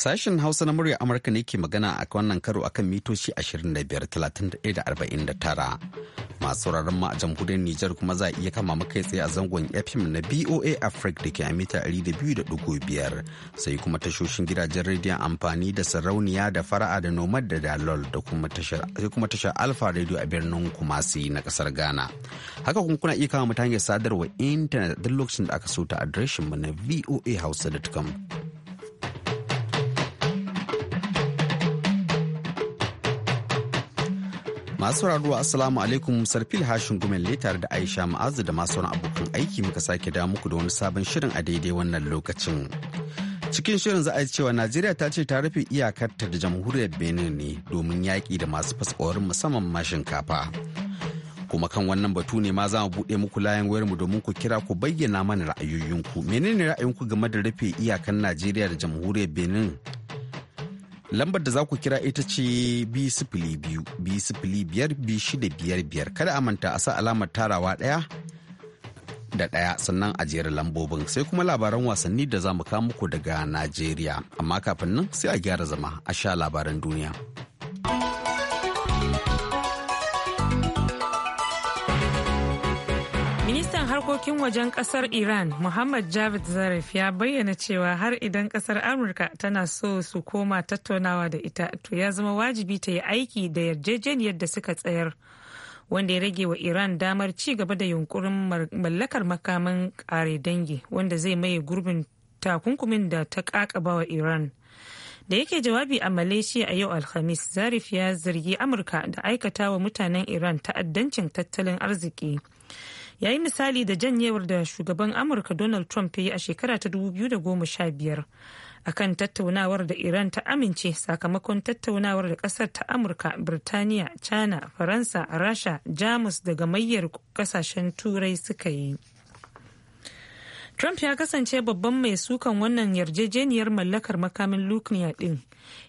Sashen Hausa na murya Amurka ne ke magana a wannan karo akan mitoci 25 da tara Masu sauraron ma a jamhuriyar Nijar kuma za a iya kama makai tsaye a zangon FM na BOA Africa da ke a mita 200.5 sai kuma tashoshin gidajen rediyon amfani da sarauniya da fara'a da nomad da dalol da kuma tashar Alfa Radio a birnin Kumasi na kasar Ghana. Haka kuma kuna iya kama mutane sadarwa intanet duk lokacin da aka so ta adireshin mu na voahausa.com. Masu raruwa Asalamu alaikum Sarfil Hashin Gumen letar da Aisha Ma'azu da masu wani abokan aiki muka sake da muku da wani sabon shirin a daidai wannan lokacin. Cikin shirin za a cewa Najeriya ta ce ta rufe iyakarta da jamhuriyar Benin ne domin yaƙi da masu fasfawarin musamman ma shinkafa. Kuma kan wannan batu ne ma za mu buɗe muku layan wayarmu domin ku kira ku bayyana mana ra'ayoyinku. Menene ra'ayinku game da rufe iyakan Najeriya da jamhuriyar Benin lambar da za ku kira ita ce b sifili biyu biyar kada a manta a sa alamar tarawa daya da daya sannan a jera lambobin sai kuma labaran wasanni da za mu kawo muku daga najeriya amma kafin nan sai a gyara zama a sha labaran duniya. harkokin wajen kasar Iran, Muhammad Javid Zarif ya bayyana cewa har idan kasar Amurka tana so su koma tattaunawa da ita, to ya zama wajibi ta yi aiki da yarjejeniyar da suka tsayar. Wanda ya rage wa Iran damar ci gaba da yunkurin mallakar makaman kare dangi wanda zai maye gurbin takunkumin da ta kakaba wa Iran. da yake jawabi a malaysia a yau alhamis zarif ya zargi amurka da aikata wa mutanen iran ta'addancin tattalin arziki ya yi misali da janyewar da shugaban amurka donald trump ya yi a shekara ta 2015 a kan tattaunawar da iran ta amince sakamakon tattaunawar da kasar ta amurka birtaniya china faransa rasha jamus daga gamayyar kasashen turai suka yi Trump ya kasance babban mai sukan wannan yarjejeniyar mallakar makamin lukniya din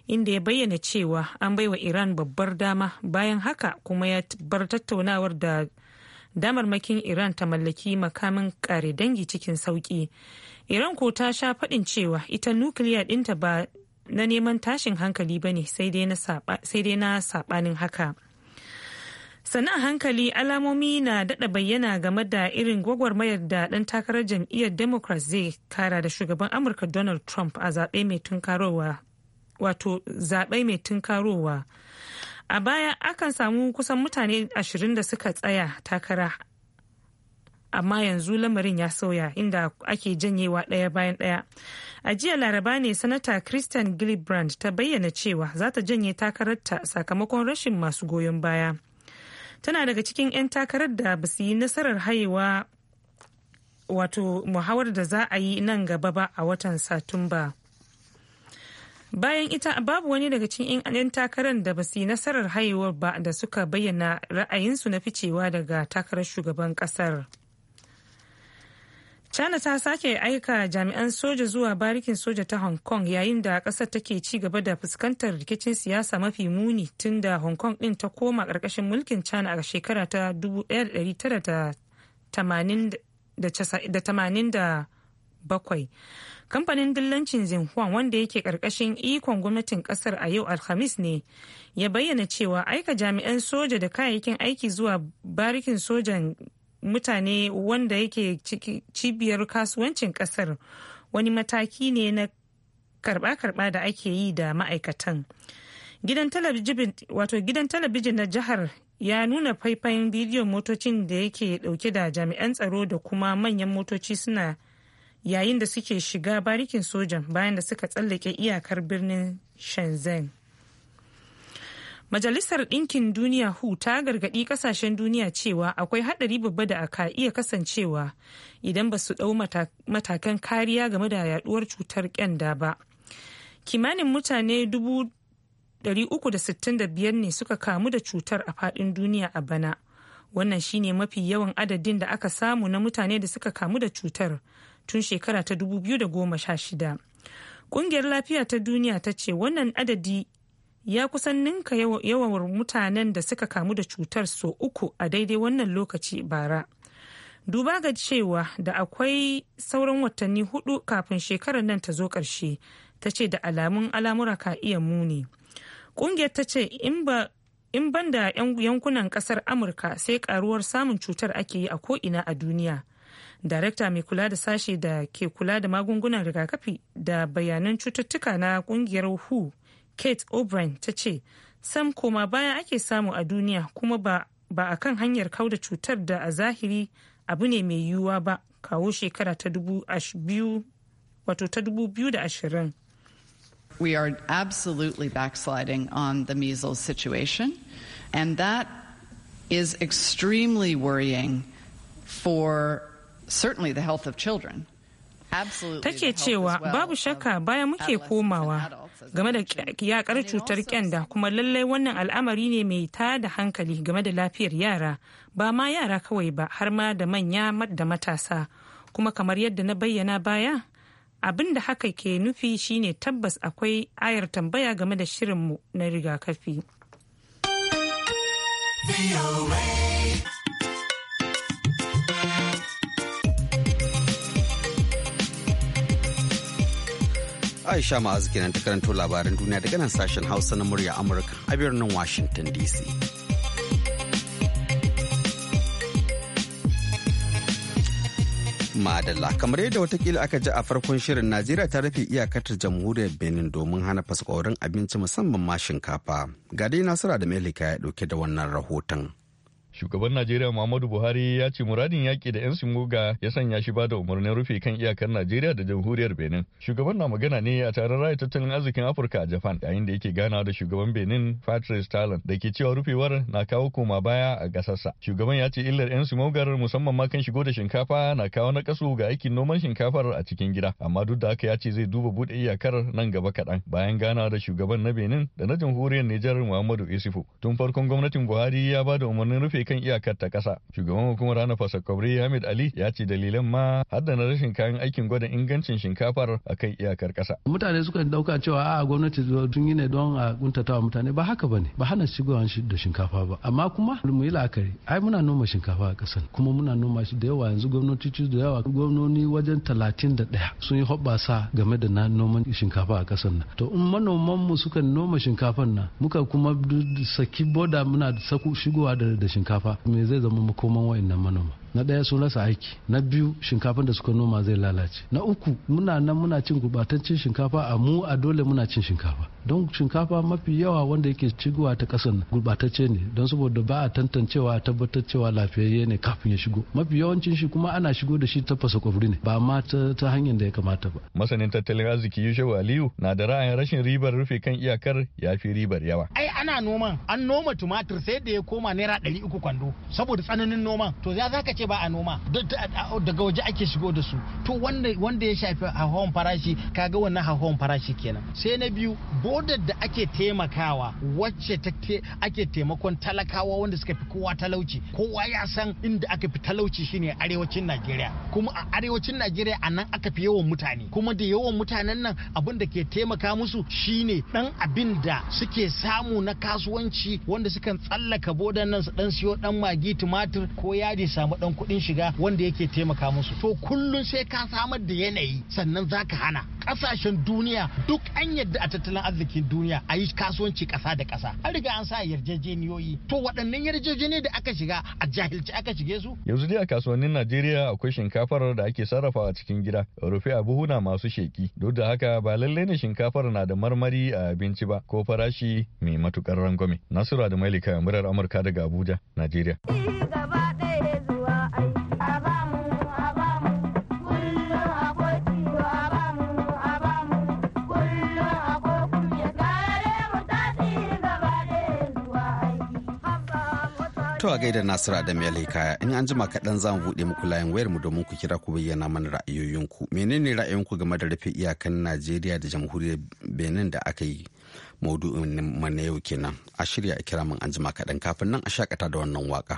inda ya bayyana cewa an baiwa Iran babbar dama bayan haka kuma ya bar tattaunawar da damarmakin iran ta mallaki makamin kare dangi cikin sauki iran ko ta sha faɗin cewa ita nukiliya ɗinta ba na neman tashin hankali ba ne sai dai na saɓanin haka sana hankali alamomi na daɗa bayyana game da irin gwagwarmayar da ɗan takarar jam'iyyar democrat zai kara da shugaban amurka donald trump a zaɓe mai tunkarowa wato zaɓe mai tunkarowa a baya akan samu kusan mutane ashirin da suka tsaya takara amma yanzu lamarin ya sauya inda ake janyewa ɗaya bayan ɗaya a jiya laraba ne sanata christian gillibrand ta bayyana cewa za ta janye takararta sakamakon rashin masu goyon baya tana daga cikin 'yan takarar da ba su yi nasarar haiwa wato muhawar da za a yi nan gaba ba a watan satumba bayan ita babu wani daga cikin 'yan takarar da ba yi nasarar haihuwar ba da suka bayyana ra'ayinsu na ficewa daga takarar shugaban kasar china ta sake aika jami'an soja zuwa barikin soja ta hong kong yayin da kasar take ci gaba da fuskantar rikicin siyasa mafi muni tun da hong kong din ta koma karkashin mulkin china a shekara ta 1989 bakwai kamfanin dillancin zinhuan wanda yake karkashin ikon gwamnatin kasar a yau alhamis ne ya bayyana cewa aika jami'an soja da kayayyakin aiki zuwa barikin sojan mutane wanda yake cibiyar kasuwancin kasar wani mataki ne na karba-karba da ake yi da ma'aikatan gidan talabijin na jihar ya nuna faifayin bidiyon motocin da yake dauke da jami'an tsaro da kuma manyan motoci suna yayin da suke shiga barikin sojan bayan da suka tsallake iyakar birnin shenzhen majalisar ɗinkin duniya hu ta gargaɗi ƙasashen duniya cewa akwai haɗari babba da aka iya kasancewa idan ba su ɗau matakan kariya game da yaɗuwar cutar ƙyanda ba kimanin mutane 365 ne suka kamu da cutar a faɗin duniya a bana wannan shine mafi yawan adadin da aka samu na mutane da suka kamu da cutar tun shekara ta 2016 ƙungiyar lafiya ta duniya ta ce wannan adadi ya kusan ninka yawan mutanen da suka kamu da cutar so uku a daidai wannan lokaci bara duba ga cewa da akwai sauran watanni hudu kafin shekarar nan ta zo ƙarshe ta ce da alamun alamura ka iya muni ƙungiyar ta ce in ban da yankunan ƙasar amurka sai karuwar samun cutar ake yi a ko'ina a duniya darakta mai kula da sashi da ke kula da magungunan rigakafi da bayanan cututtuka na kungiyar who kate o'brien ta ce sam koma bayan ake samu a duniya kuma ba a kan hanyar kauda cutar da a zahiri abu ne mai yiwuwa ba kawo shekara ta dubu biyu da ashirin. We are absolutely backsliding on the measles situation, and that is extremely worrying for certainly the health of children. Take cewa babu shakka bayan muke komawa game da yakar cutar kyanda kuma lallai wannan al'amari ne mai ta da hankali game da lafiyar yara ba ma yara kawai ba har ma da manya da matasa kuma kamar yadda na bayyana baya abin da haka ke nufi shine tabbas akwai ayar tambaya game da shirinmu na rigakafi. Aisha Ma'azu kenan ta karanto labaran duniya daga nan sashen Hausa na murya Amurka a birnin Washington DC. Madalla kamar yadda watakila aka ji a farkon shirin Najeriya ta rufe iyakatar jamhuriyar Benin domin hana fasakorin abinci musamman ma shinkafa. Gadi dai da Melika ya dauke da wannan rahoton. Shugaban Najeriya Muhammadu Buhari ya ce muradin yaƙi da 'yan simoga ya sanya shi ba da umarnin rufe kan iyakar Najeriya da jamhuriyar Benin. Shugaban na magana ne a taron raya tattalin arzikin Afirka a Japan yayin da yake gana da shugaban Benin Patrice Talon da ke cewa rufewar na kawo koma baya a ƙasarsa. Shugaban ya ce illar 'yan simogar musamman ma kan shigo da shinkafa na kawo na ga aikin noman shinkafar a cikin gida amma duk da haka ya ce zai duba buɗe iyakar nan gaba kaɗan bayan gana da shugaban na Benin da na jamhuriyar Nijar Muhammadu Isifo Tun farkon gwamnatin Buhari ya ba da umarnin rufe kan iyakar ta kasa Shugaban hukumar Rana Fasakwabri Hamid Ali ya ce dalilan ma haddana na rashin kayan aikin gwada ingancin shinkafar a kan iyakar kasa. Mutane sukan dauka cewa a gwamnati sun yi ne don a kuntatawa mutane ba haka ne ba hana shigowa da shinkafa ba amma kuma mu yi la'akari ai muna noma shinkafa a kasar kuma muna noma shi da yawa yanzu gwamnati da yawa gwamnoni wajen talatin da daya sun yi hoɓɓasa game da na noman shinkafa a kasar nan to in manoman mu suka noma shinkafan nan muka kuma saki boda muna saku shigowa da shinkafa shinkafa me zai zama makoman wayannan manoma na ɗaya sun rasa aiki na biyu shinkafa da suka noma zai lalace na uku muna nan muna cin gubatancin shinkafa a mu a dole muna cin shinkafa don shinkafa mafi yawa wanda yake cigowa ta kasan gurbatacce ne don saboda ba a tantancewa tabbatar cewa lafiyayye ne kafin ya shigo mafi yawancin shi kuma ana shigo da shi ta fasa ne ba ma ta hanyar da ya kamata ba masanin tattalin arziki yusuf aliyu na da ra'ayin rashin ribar rufe kan iyakar ya fi ribar yawa ai ana noma an noma tumatir sai da ya koma naira ɗari uku kwando saboda tsananin noman to ya zaka ce ba a noma daga waje ake shigo da su to wanda ya shafi hawan farashi kaga wannan hawan farashi kenan sai na biyu hodar da ake taimakawa wacce ake taimakon talakawa wanda suka fi kowa talauci kowa ya san inda aka fi talauci shine arewacin najeriya kuma a arewacin najeriya a nan aka fi yawan mutane kuma da yawan mutanen nan abin da ke taimaka musu shine dan abin da suke samu na kasuwanci wanda sukan tsallaka bodan nan su dan siyo dan magi tumatir ko yadi samu dan kuɗin shiga wanda yake taimaka musu to kullum sai ka samar da yanayi sannan zaka hana kasashen duniya duk an yadda a tattalin arzikin duniya a yi kasuwanci kasa da kasa an riga an sa yarjejeniyoyi to waɗannan yarjejeniyoyi da aka shiga a jahilci aka shige su yanzu dai a kasuwannin najeriya akwai shinkafar da ake sarrafa a cikin gida rufe a buhuna masu sheki duk da haka ba lallai ne shinkafar na da marmari a abinci ba ko farashi mai matukar rangwame nasura da mailika murar amurka daga abuja najeriya To a gaida Nasiru Adam ya kaya in an jima kaɗan za buɗe muku layin wayar mu domin ku kira ku bayyana mana ra'ayoyinku. Menene ra'ayinku game da rufe iyakan Najeriya da jamhuriyar Benin da aka yi maudu'in na yau kenan. A shirya a kira min an jima kaɗan kafin nan a shakata da wannan waka.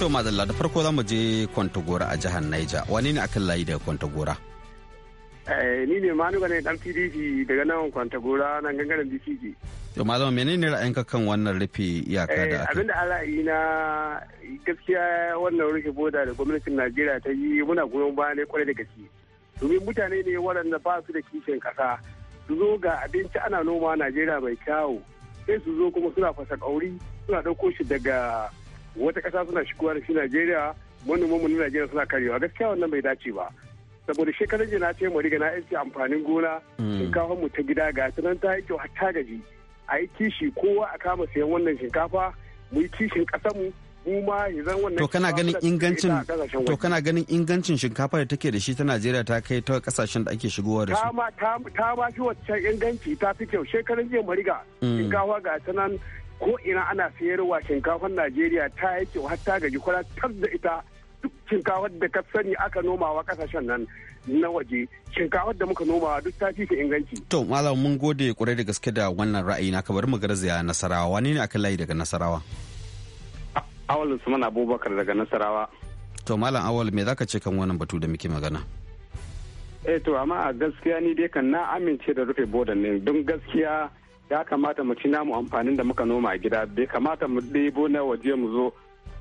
To madalla da farko za mu je Kwantagora a jihar Niger. Wani ne akan layi daga Kwantagora? Eh, ni ne Manu ne dan PDP daga nan Kwantagora nan gangaren BCG. To malama menene ra'ayinka kan wannan rufe iyaka da eh, aka? Abinda ra'ayi na gaskiya wannan rufe boda da gwamnatin Najeriya ta yi muna goyon baya ne kwarai da gaske. Domin mutane ne waɗanda ba su da kishin kasa Su zo ga abinci ana noma Najeriya mai kyawu. Sai su zo kuma suna fasa kauri suna ɗauko shi daga wata kasa suna shigowa da shi Najeriya manoman mu na Najeriya suna karewa gaskiya wannan bai dace ba saboda shekarun jina ce mu riga na aiki amfanin gona mm. shinkafa mu ta gida ga ta ta yi ta gaji a yi kishi kowa a kama sayan wannan shinkafa mu yi kishin ƙasar mu mu ma idan wannan to kana ganin ingancin to kana ganin ingancin shinkafa da take da shi ta Najeriya ta kai ta kasashen da ake shigowa da su ta ma ta shi wacce inganci ta fi kyau shekaran jiya mariga mm. shinkafa ga ta ko ina ana sayarwa shinkafar najeriya ta yake har ta gaji kwana tar da ita duk shinkafar da ka sani aka nomawa kasashen nan na waje shinkafar da muka nomawa duk ta fi inganci to malam mun gode kwarai da gaske da wannan ra'ayi na kabar mu garzaya nasarawa wani ne aka layi daga nasarawa awal usman abubakar daga nasarawa to malam awal me zaka ce kan wannan batu da muke magana eh to amma a gaskiya ni dai kan na amince da rufe bodan ne don gaskiya ya kamata mu ci namu amfanin da muka noma a gida bai kamata mu ɗebo na waje mu zo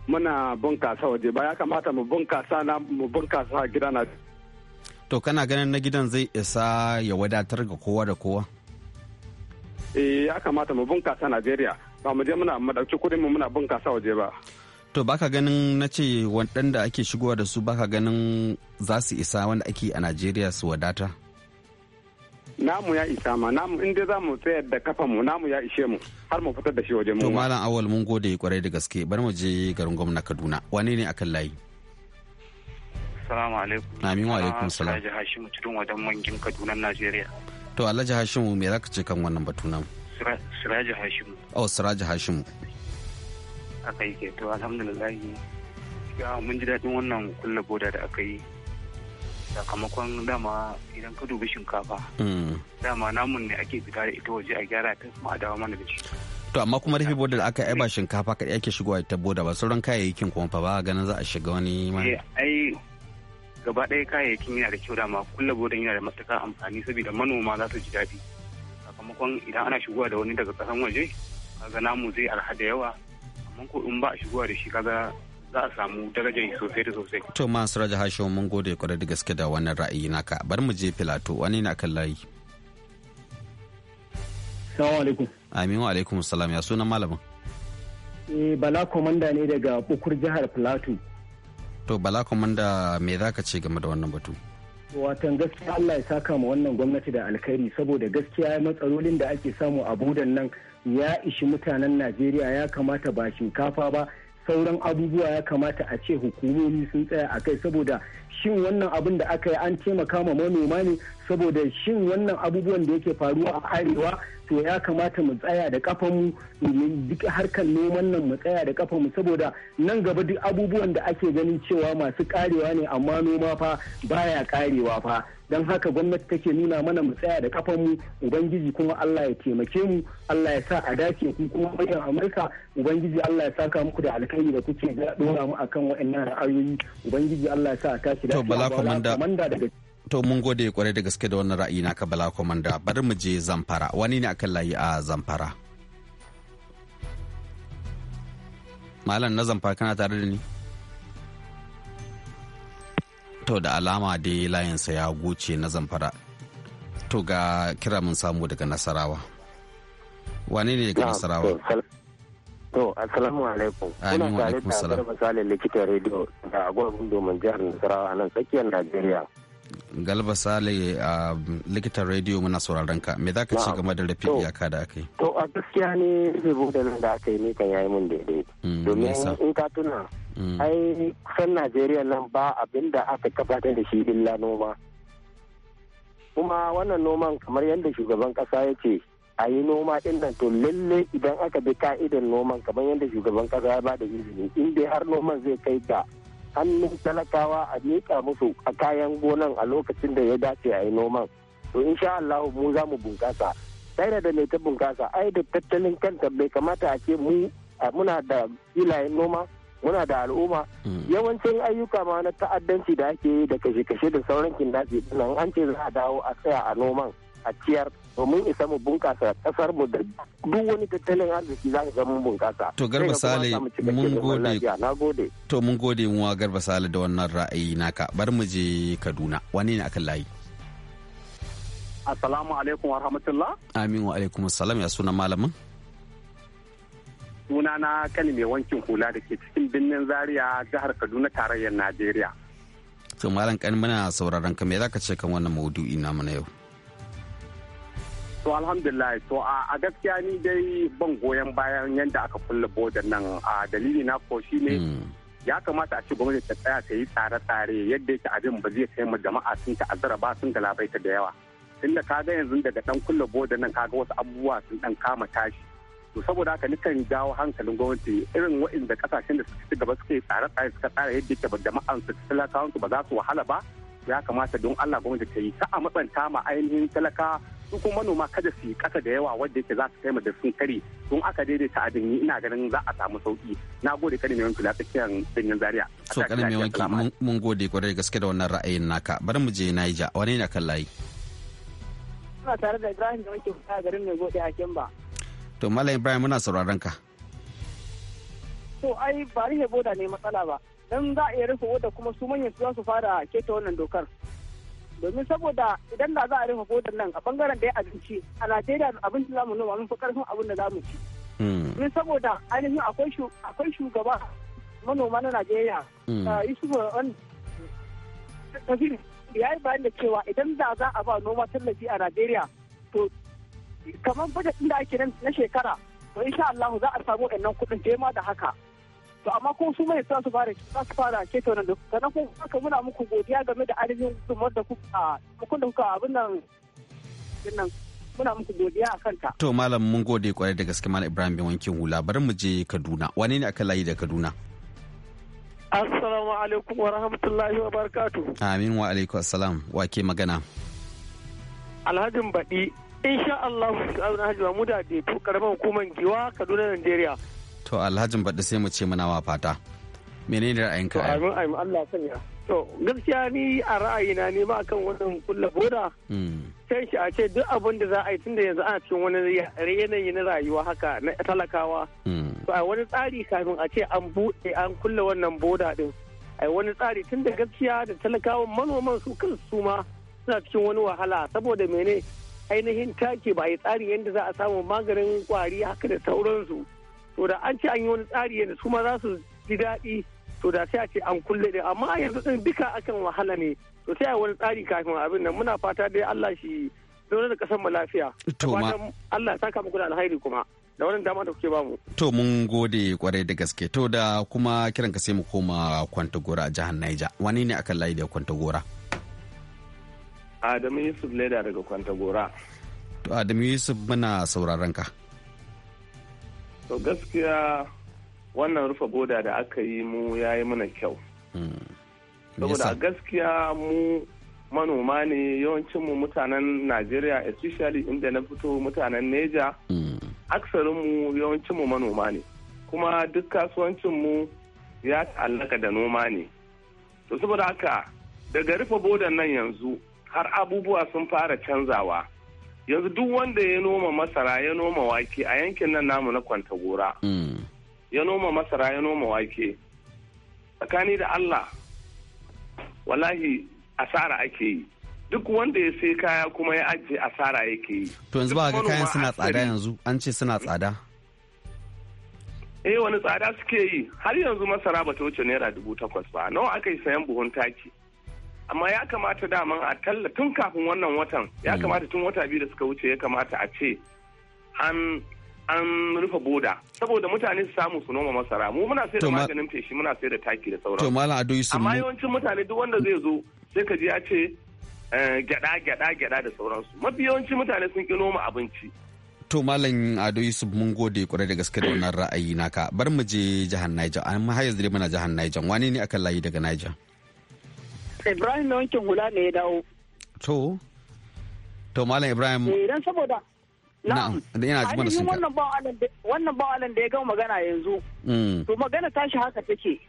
muna bunkasa waje ba ya kamata mu bunkasa na mu bunkasa a gida na to kana ganin na gidan zai isa ya wadatar ga kowa da kowa eh ya kamata mu bunkasa Najeriya ba mu je muna madauki kudin mu muna bunkasa waje ba to baka ganin na ce waɗanda ake shigowa da su baka ganin za su isa wanda ake a Najeriya su wadata namu ya isa ma namu in dai zamu tsayar da kafa mu namu ya ishe mu har mu fitar da shi waje mu to malam awal mun gode kwarai da gaske bari mu je garin gwamna Kaduna wane ne akan layi Assalamu alaikum Amin wa alaikum salam Alhaji Hashimu cikin wadan mangin Kaduna Najeriya To Alhaji Hashimu me zaka ce kan wannan batu nan Siraji Hashimu Oh Siraji Hashimu Aka yi ke to alhamdulillah mun ji daɗin wannan kullabo boda da aka yi sakamakon dama idan ka dubi shinkafa hmm. dama namun ne ake fita da ita waje a gyara ta kuma a dawo mana da shi to amma kuma rufe bodar da aka yi ba shinkafa kaɗai ake shigowa ta boda ba sauran kayayyakin kuma fa ba ganin za a shiga wani ma eh, ai gaba ɗaya kayayyakin yana da kyau dama kulla bodan yana da matuƙar amfani saboda manoma za su ji daɗi sakamakon idan ana shigowa da wani daga ƙasan waje kaga namu zai arha da yawa amma ko in ba a shigowa da shi kaga za a samu darajar sosai da sosai. To su raja hashewa mun gode kwarar da gaske da wannan ra'ayi naka bar mu je filato wani na kan layi. Salamu alaikum. Amin wa alaikum salam ya sunan malamin. Eh Bala komanda ne daga bukur jihar Filato. To Bala komanda me za ka ce game da wannan batu? Watan gaskiya Allah ya saka ma wannan gwamnati da alkhairi saboda gaskiya matsalolin da ake samu a budan nan ya ishi mutanen Najeriya ya kamata ba shinkafa ba sauran abubuwa ya kamata a ce hukumomi sun tsaya a kai saboda shin wannan abin da aka yi an taimaka ma manoma ne saboda shin wannan abubuwan da yake faruwa a arewa to ya kamata mu tsaya da kafanmu duk harkar noman nan mu tsaya da kafanmu saboda nan gaba duk abubuwan da ake ganin cewa masu karewa ne amma noma fa baya karewa fa don haka gwamnati take nuna mana mu tsaya da kafanmu ubangiji kuma Allah ya taimake mu Allah ya sa a dace ku kuma bayan Amurka ubangiji Allah ya saka muku da alkhairi da kuke ga dora mu akan waɗannan ra'ayoyi ubangiji Allah ya sa a tashi da bala komanda daga to mun gode kwarai da gaske da wannan ra'ayi naka bala komanda bari mu je Zamfara wani ne akan layi a Zamfara Malam na Zamfara kana tare da ni to da alama dai layinsa ya goce na zamfara to ga kira mun samu daga nasarawa wane ne daga nasarawa to assalamu alaikum kuna tare da garba sale likitan rediyo da agwagun domin jihar nasarawa nan tsakiyar najeriya galba sale a likitan rediyo muna sauraron ka me zaka ci game da rafi iyaka da aka yi to a gaskiya ne rubutu da aka yi ne kan yayi mun daidai hmm, domin in ka tuna ai kusan najeriya nan ba abin da aka gabatar da shi illa noma kuma wannan noman kamar yadda shugaban kasa ya ce a yi noma din nan to lalle idan aka bi ka'idan noman kamar yadda shugaban kasa ya bada izini in dai har noman zai kai ga hannun talakawa a miƙa musu a kayan gonan a lokacin da ya dace a yi noman to insha Allah mu za mu bunƙasa sai da mai ta bunƙasa ai da tattalin kanta bai kamata a ce mu muna da filayen noma muna da al'umma hmm. yawancin ayyuka ma na ta'addanci da ake yi da kashe-kashe da sauran kindafi nan an ce za a dawo a tsaya a noman a ciyar domin isa mu bunƙasa ƙasar mu da duk wani tattalin arziki za ka ga mun bunƙasa. To garba sale mun gode. To mun gode muwa garba sale da wannan ra'ayi naka bar mu je Kaduna wani ne akan layi. Assalamu alaikum wa rahmatullah. Amin wa alaikum assalam ya suna malamin. suna na kani mai wankin hula da ke cikin birnin zaria jihar kaduna tarayyar najeriya to malam kan muna sauraron ka me zaka ce kan wannan maudu'i namu na yau to alhamdulillah to a gaskiya ni dai ban goyon bayan yadda aka kulle bodar nan a dalili na ko shine hmm. ya kamata a ce gwamnati ta tsaya ta yi tsare-tsare yadda yake abin ba zai kai ma jama'a sun ta'azzara ba sun galabaita da yawa tunda kaga yanzu daga dan kulle bodar nan kaga wasu abubuwa sun dan kama tashi to saboda haka nukan jawo hankalin gwamnati irin waɗanda kasashen da suka ci gaba suke tsare-tsare suka tsara yadda ke jama'an su talakawan su ba za su wahala ba ya kamata don Allah gwamnati ta yi ta a matsanta ma ainihin talaka su kuma manoma kada su yi kasa da yawa wadda yake za su kai da sun kare don aka daidaita abin yi ina ganin za a samu sauki na gode kare mai wanki lafiyar danyen zaria so kare mai wanki mun gode kwarai gaske da wannan ra'ayin naka bari mu je Niger wani ne kan layi ina tare da Ibrahim da muke fita garin mai gode a Kimba to malam ibrahim muna sauraron ka to ai ba rufe boda ne matsala ba dan za a yi rufe boda kuma su manyan su za su fara keta wannan dokar domin saboda idan da za a rufe bodan nan a bangaren da ya abinci a najeriya abinci za mu noma mun fi karfin abin da za mu ci hmm. domin saboda ainihin akwai shugaba manoma na najeriya hmm. ah, yusufu ya yi bayan da cewa idan da za a ba noma tallafi a najeriya kamar budget din da ake nan na shekara to insha Allah za a samu wannan kuɗin da ma da haka to amma ko su mai su fara za su fara ke to nan na ko ka muna muku godiya game da arzikin gudunmuwar da kuka kun da kuka abin nan nan muna muku godiya a ta to malam mun gode kwarai da gaske malam Ibrahim bin wankin hula bari mu je Kaduna wane ne aka layi da Kaduna Assalamu alaikum wa rahmatullahi wa barakatuh. Amin wa alaikum assalam wa ke magana. Alhajin baɗi insha Allah auna hajjima mu da to karamar hukumar giwa Kaduna Najeriya to alhajin baɗi sai mu ce muna wa fata menene ra'ayinka a yau amin Allah sanya to gaskiya ni a ra'ayina ne ba kan wannan kulla boda hmm. sai shi a ce duk abin da za a yi da yanzu ana cikin wani yanayi na rayuwa haka na talakawa hmm. to a wani tsari kafin a ce an buɗe an kulle wannan boda din a wani tsari tun da gaskiya da talakawan manoman su kansu su ma suna cikin wani wahala saboda mene ainihin taki ba ya tsari yadda za a samu maganin kwari haka da sauransu to da an ce an yi wani tsari yadda su ma za su ji daɗi to da sai a ce an kulle da amma yanzu din duka akan wahala ne to sai a wani tsari kafin abin nan muna fata dai Allah shi zaune da kasar mu lafiya to ma Allah saka muku da alheri kuma da wannan dama da kuke ba mu. to mun gode kwarai da gaske to da kuma kiran ka sai mu koma Kwantagora jihar Niger wani ne akan layi da Kwantagora gora Adamu Yusuf Leda daga Kwantagora. To Adamu Yusuf muna sauraron ka. To gaskiya wannan rufe boda da aka yi mu ya yi mana kyau. Hmm. Saboda gaskiya mu manoma ne yawancinmu mutanen Najeriya especially inda na fito mutanen Neja. Hmm. Aksarinmu yawancinmu manoma ne. Kuma duk kasuwancin mu ya ta'allaka da noma ne. To saboda haka daga rufe bodan nan yanzu har abubuwa sun fara canzawa yanzu duk wanda ya noma masara ya noma wake a yankin nan namu na kwantagora mm. ya noma masara ya noma wake tsakani da allah wallahi asara ake yi duk wanda ya sai kaya kuma ya ajiye asara yake yi to yanzu ba ga kayan suna tsada yanzu an ce suna tsada eh wani tsada suke yi har yanzu masara ba ta wuce naira dubu takwas ba nawa aka yi sayan buhun taki amma ya kamata daman a talla tun kafin wannan watan ya hmm. kamata tun wata biyu da suka wuce ya kamata a ce an an rufe boda saboda mutane su samu su noma masara mu muna sai da maganin feshi muna sai da taki da sauran to malam ado yusuf amma yawancin mutane duk wanda zai zo sai ka ji ya ce eh, gyada gyada gyada da sauransu mafi yawancin mutane sun ki noma abinci to malam ado yusuf mun gode kwarai da gaske da wannan ra'ayi naka bar mu je jihar Niger amma har yanzu dai muna jihar Niger wani ne akan layi daga Niger Ibrahim na wankin hula ne ya dawo. To, to Malam Ibrahim. Idan eh, saboda. Na'am, yana sun Wannan ba da ya gama magana yanzu. Mm. To magana tashi haka take.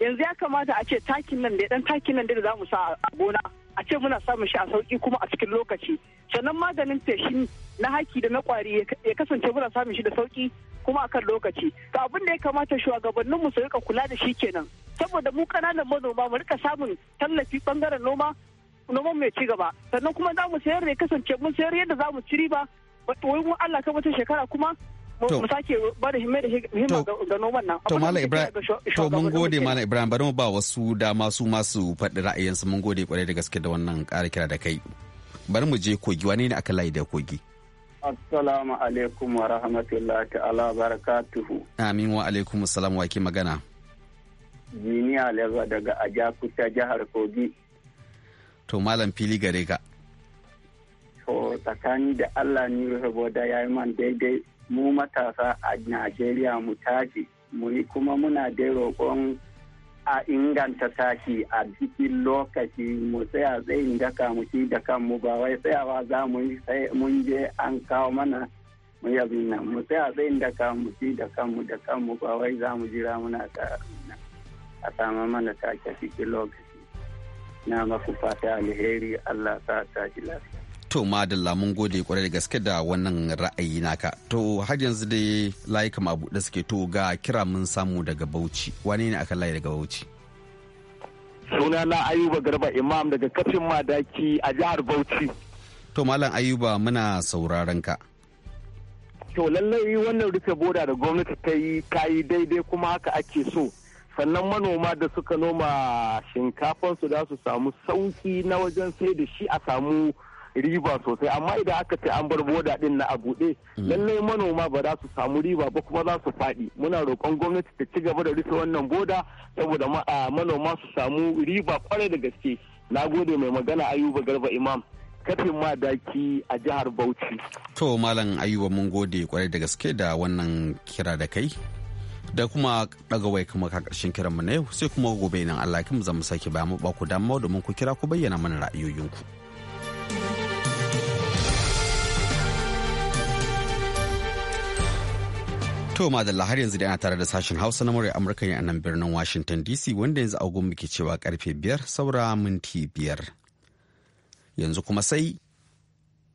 Yanzu ya kamata a ce takin nan da dan takin nan da za mu sa a gona. A ce muna samun shi a sauki kuma a cikin lokaci. Sannan maganin feshin na haki da na kwari ya kasance muna samun shi da sauki kuma akan lokaci to abin da ya kamata shugabannin mu su rika kula da shi kenan saboda mu kananan manoma mu rika samun tallafi bangaren noma noman mai ci gaba sannan kuma za mu sayar da ya kasance mun sayar yadda za mu ci riba wai mu Allah ka wata shekara kuma mu sake ba da noman nan. To Malam Ibrahim, to mun gode Malam Ibrahim bari mu ba wasu dama su masu faɗi ra'ayinsu mun gode kwarai da gaske da wannan ƙara kira da kai. Bari mu je kogi wane ne aka layi da kogi? Assalamu alaikum wa rahmatullahi ta'ala barakatuhu. Amin wa alaikum salam wa ke magana. Jiniya Leva daga Ajakuta jihar Kogi. To malam fili gare ka. To tsakani da Allah ni saboda ya yi man daidai mu matasa a Najeriya mu tashi mu kuma muna dai roƙon a inganta taki a cikin lokaci mu tsaya tsayin daka mu shi da kanmu ba wai tsayawa za mu yi mun je an kawo mana mu yabi nan mu tsaya tsayin daka mu shi da kanmu da kanmu ba wai za mu jira muna ta a sama mana taki a cikin lokaci na mafi fata alheri Allah sa ta ji lafiya. to madalla mun gode kwarai da gaske da wannan ra'ayi naka to har yanzu dai layuka buɗe suke to ga kira mun samu daga bauchi wane ne aka layi daga bauchi suna na ayuba garba imam daga kafin madaki a jihar bauchi to malam ayuba muna sauraron ka to lallai wannan rufe boda da gwamnati ta yi kayi daidai kuma haka ake so sannan manoma da suka noma shinkafansu za su samu sauki na wajen sai da shi a samu riba sosai amma idan aka ce an bar boda din na a buɗe mm. lallai manoma ba za su samu riba ba kuma za su faɗi muna roƙon gwamnati ta ci gaba da rufe wannan boda saboda manoma su samu riba kwarai da gaske na gode mai magana ayuba garba imam kafin ma daki a jihar bauchi to malam ayuba mun gode kwarai da gaske da wannan kira da kai da kuma daga wai kuma ka karshen kiranmu na yau sai kuma gobe nan Allah kin mu sake ba mu ba ku dama domin ku kira ku bayyana mana ra'ayoyinku. To madalla har yanzu da yana tare da sashen Hausa na murya Amurka ne a nan birnin Washington DC wanda yanzu agun muke cewa karfe biyar saura minti biyar. Yanzu kuma sai.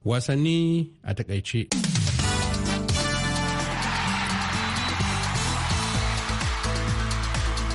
Wasanni a takaice.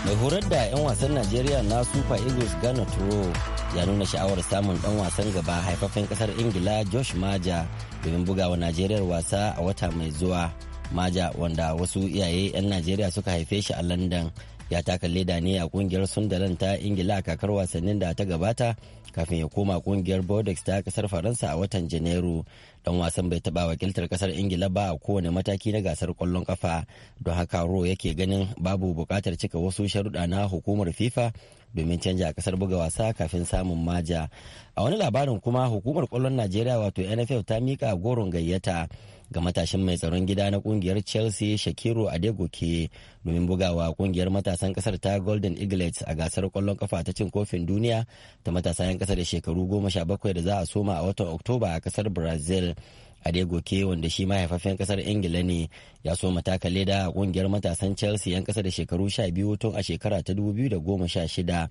Mai horar da 'yan wasan Najeriya na Super Eagles Ghana Turo ya nuna sha'awar samun dan wasan gaba haifafen kasar Ingila Josh Maja domin bugawa Najeriyar wasa a wata mai zuwa. maja wanda wasu iyaye 'yan najeriya suka haife shi a london ya taka leda ne a kungiyar sundalan ta ingila a kakar wasannin da ta gabata kafin ya koma kungiyar bordeaux ta kasar faransa a watan janairu dan wasan bai taba wakiltar kasar ingila ba a kowane mataki na gasar kwallon kafa don haka ro yake ganin babu bukatar cika wasu sharuɗa na hukumar fifa domin canja kasar buga wasa kafin samun maja a wani labarin kuma hukumar kwallon najeriya wato nff ta mika goron gayyata ga matashin mai tsaron gida na kungiyar chelsea shakiru adegoke domin bugawa kungiyar matasan kasar ta golden eaglets a gasar kwallon kafa ta cin kofin duniya ta matasa 'yan kasa da shekaru goma sha bakwai da za a soma a watan oktoba a kasar brazil Adegoke wanda shi mahaifafen kasar Ingila ne ya so mataka leda a kungiyar matasan Chelsea 'yan kasa da shekaru 12 tun a shekara ta 2016.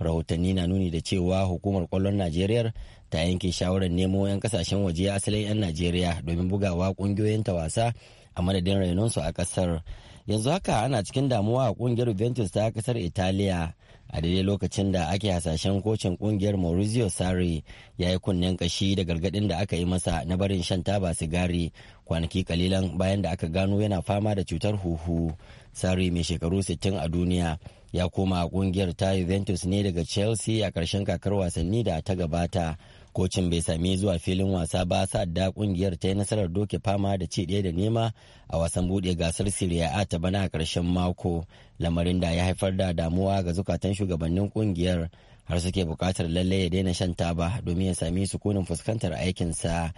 Rahotanni na nuni da cewa hukumar kwallon Najeriya ta yanke shawarar nemo 'yan kasashen waje asalin 'yan Najeriya domin bugawa kungiyoyin ta wasa a madadin rainon su a kasar. Yanzu haka ana cikin damuwa a kungiyar Juventus ta kasar Italiya. a daidai lokacin da ake hasashen kocin kungiyar maurizio sarri ya yi kunnen kashi da gargadin da aka yi masa na barin shan taba sigari kwanaki kalilan bayan da aka gano yana fama da cutar huhu sarri mai shekaru 60 a duniya ya koma kungiyar ta juventus ne daga chelsea a karshen kakar wasanni da ta gabata kocin bai sami zuwa filin wasa ba da kungiyar ta yi nasarar doke fama da ci ɗaya da nema a wasan buɗe gasar siriya a ta bana a ƙarshen mako lamarin da ya haifar da damuwa ga zukatan shugabannin kungiyar har suke buƙatar lallai ya daina shan taba domin ya sami sukunin fuskantar aikinsa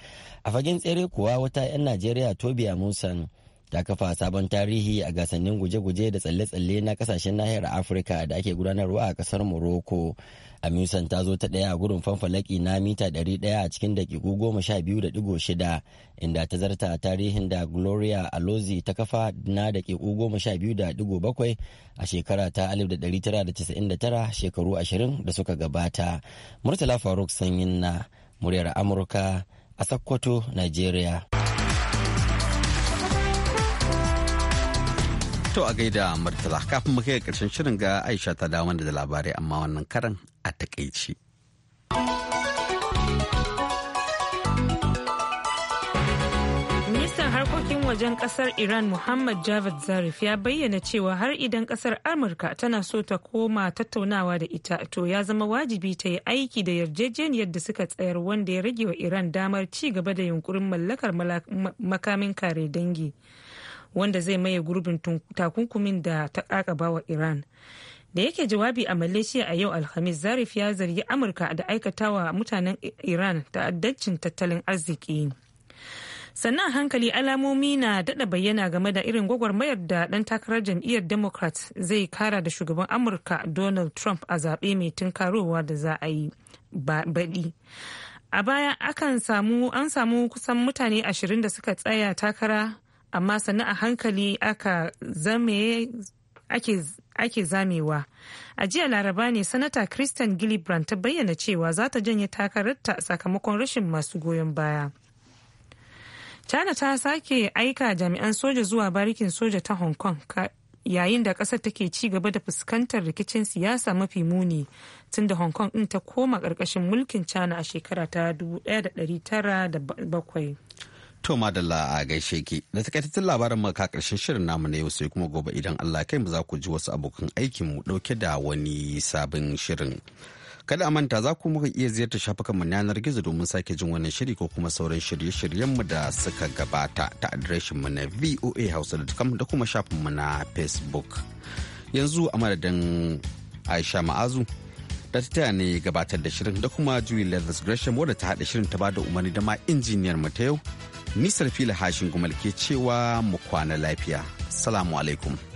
a fagen tsere kuwa wata 'yan najeriya tobiya musan ta kafa sabon tarihi a gasannin guje-guje da tsalle-tsalle na kasashen nahiyar afirka da ake gudanarwa a kasar morocco amisan ta zo ta ɗaya a gurin fanfalaki na mita 100 a cikin dakiku 12.6 inda ta zarta tarihin da gloria alozi ta kafa na dakiku 12.7 a shekara ta 1999 shekaru 20 da suka gabata murtala faruk sanyin na muryar amurka a sakkwato nigeria To a gaida Murtala kafin mu kai karshen shirin ga Aisha ta dawo da labarai amma wannan karan a takaici. Ministan harkokin wajen kasar Iran Muhammad Javad Zarif ya bayyana cewa har idan kasar Amurka tana so ta koma tattaunawa da ita to ya zama wajibi ta yi aiki da yarjejeniyar da suka tsayar wanda ya rage wa Iran damar ci gaba da yunkurin mallakar makamin kare dangi. wanda zai maye gurbin takunkumin da ta kakaba wa iran da yake jawabi a malaysia a yau alhamis zarif ya zargi amurka da aikatawa mutanen iran ta'addancin tattalin arziki sannan hankali alamomi na dada bayyana game da irin gwagwarmayar da dan takarar jam'iyyar democrat zai kara da shugaban amurka donald trump a zaɓe mai tunkarowa da za a yi baɗi a baya an samu kusan mutane ashirin da suka tsaya takara amma sannan a hankali aka zame ake zamewa a jiya laraba ne sanata kristen gillibrand ta bayyana cewa za ta janye takararta sakamakon rashin masu goyon baya china ta sake aika jami'an soja zuwa barikin soja ta hong kong yayin da kasar take ci gaba da fuskantar rikicin siyasa mafi muni tun da hong kong din ta koma karkashin mulkin china a shekara ta 1907 To madalla a gaishe ki da takaitattun labarin maka karshen shirin namu na yau sai kuma gobe idan Allah kai mu za ku ji wasu abokan aikin mu dauke da wani sabon shirin. Kada a manta za ku muka iya ziyartar shafukan mu yanar gizo domin sake jin wannan shiri ko kuma sauran shirye-shiryen mu da suka gabata ta adireshin mu na hausa da kuma shafin mu na Facebook. Yanzu a madadin Aisha Ma'azu da ta taya ne gabatar da shirin da kuma Julie Leathers Gresham wadda ta haɗa shirin ta da umarni da ma injiniyar mu ta yau Nisar fila hashin gumal ke cewa mu kwana lafiya. Salamu alaikum.